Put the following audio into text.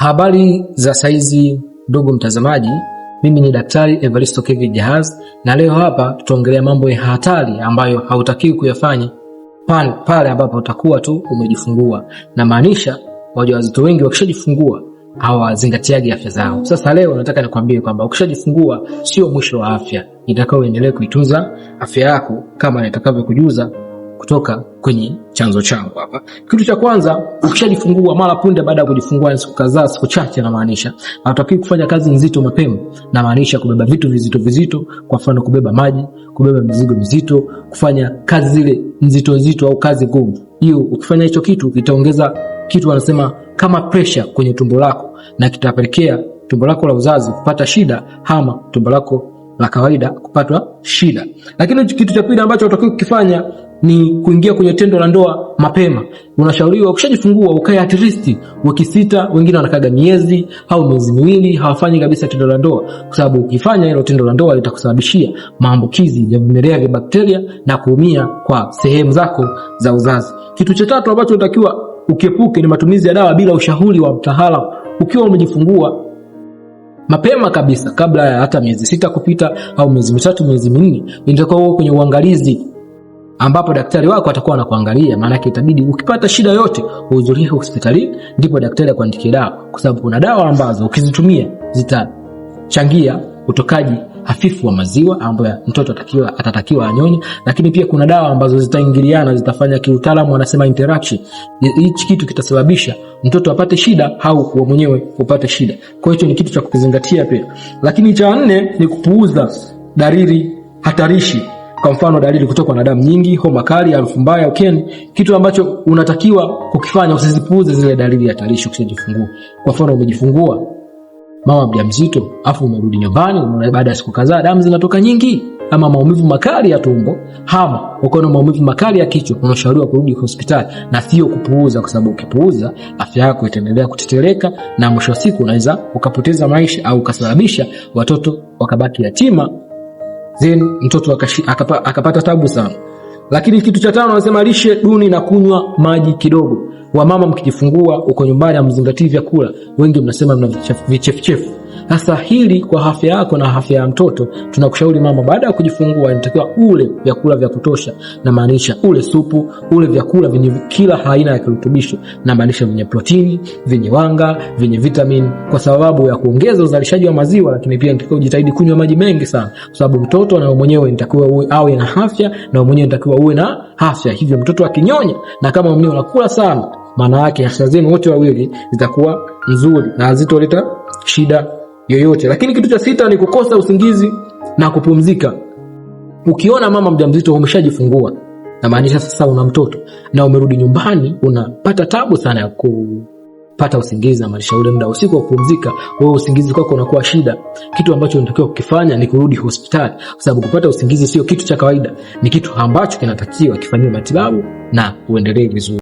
Habari za saizi ndugu mtazamaji, mimi ni Daktari Evaristo Kevi Jahaz, na leo hapa tutaongelea mambo ya hatari ambayo hautakiwi kuyafanya pale ambapo utakuwa tu umejifungua, na maanisha wajawazito wengi wakishajifungua hawazingatiaji afya zao. Sasa leo nataka nikwambie kwamba ukishajifungua sio mwisho wa afya, itakao uendelee kuitunza afya yako kama nitakavyokujuza kutoka kwenye chanzo changu hapa. Kitu cha kwanza, ukishajifungua mara punde baada ya kujifungua, siku kadhaa, siku chache, na maanisha hatakiwi kufanya kazi nzito mapema, na maanisha kubeba vitu vizito vizito, kwa mfano kubeba maji, kubeba mizigo mizito, kufanya kazi zile nzito nzito au kazi ngumu. Hiyo ukifanya hicho kitu kitaongeza kitu wanasema kama pressure kwenye tumbo lako, na kitapelekea tumbo lako la uzazi kupata shida ama tumbo lako la kawaida kupatwa shida. Lakini kitu cha pili ambacho utakiwa kukifanya ni kuingia kwenye tendo la ndoa mapema. Unashauriwa ukishajifungua ukae at least wiki sita, wengine wanakaga miezi au miezi miwili, hawafanyi kabisa tendo la ndoa, kwa sababu ukifanya hilo tendo la ndoa litakusababishia maambukizi ya vimelea vya bakteria na kuumia kwa sehemu zako za uzazi. Kitu cha tatu ambacho unatakiwa ukiepuke ni matumizi ya dawa bila ushauri wa mtaalamu ukiwa umejifungua mapema kabisa kabla ya hata miezi sita kupita au miezi mitatu, miezi minne, inatakiwa uwe kwenye uangalizi ambapo daktari wako atakuwa anakuangalia. Maanake itabidi ukipata shida yote uhudhurie hospitali, ndipo daktari akuandikie dawa, kwa sababu kuna dawa ambazo ukizitumia zitachangia utokaji hafifu wa maziwa ambayo mtoto atakiwa, atatakiwa anyonye, lakini pia kuna dawa ambazo zitaingiliana, zitafanya kiutaalamu wanasema interaction. Hichi kitu kitasababisha mtoto apate shida au wewe mwenyewe upate shida. Kwa hiyo ni kitu cha kukizingatia pia, lakini cha nne ni kupuuza dalili hatarishi kwa mfano dalili kutokwa na damu nyingi, homa kali, harufu mbaya, ukeni. Kitu ambacho unatakiwa kukifanya, usizipuuze zile dalili hatarishi ukishajifungua. Kwa mfano umejifungua, mama mjamzito, afu umerudi nyumbani unaona baada ya siku kadhaa, damu zinatoka nyingi ama maumivu makali ya tumbo, ama ukaona maumivu makali ya kichwa, unashauriwa kurudi hospitali na sio kupuuza, kwa sababu ukipuuza afya yako itaendelea kutetereka, na mwisho wa siku unaweza ukapoteza maisha au ukasababisha watoto wakabaki yatima then mtoto akapata tabu sana. Lakini kitu cha tano anasema lishe duni na kunywa maji kidogo. Wamama mkijifungua uko nyumbani, amzingatii vyakula, wengi mnasema mna vichefuchefu. Sasa hili kwa afya yako na afya ya mtoto, tunakushauri mama, baada ya kujifungua inatakiwa ule vyakula vya kutosha, na maanisha ule supu, ule vyakula vyenye kila aina ya kirutubisho, na maanisha vyenye protini, vyenye wanga, vyenye vitamin, kwa sababu ya kuongeza uzalishaji wa maziwa. Lakini pia inatakiwa ujitahidi kunywa maji mengi sana, kwa sababu mtoto na mwenyewe inatakiwa uwe awe na afya, na mwenyewe inatakiwa uwe na afya. Hivyo mtoto akinyonya na kama mwenyewe unakula sana maana yake afya zenu wote wawili zitakuwa nzuri na hazitoleta shida yoyote. Lakini kitu cha sita ni kukosa usingizi na kupumzika. Ukiona mama mjamzito umeshajifungua, na maanisha sasa una mtoto na umerudi nyumbani, unapata tabu sana ya kupata usingizi, na maanisha ule muda usiku wa kupumzika, wewe usingizi kwako unakuwa shida. Kitu ambacho unatakiwa kukifanya ni kurudi hospitali, kwa sababu kupata usingizi sio kitu cha kawaida, ni kitu ambacho kinatakiwa kifanyiwe matibabu na uendelee vizuri.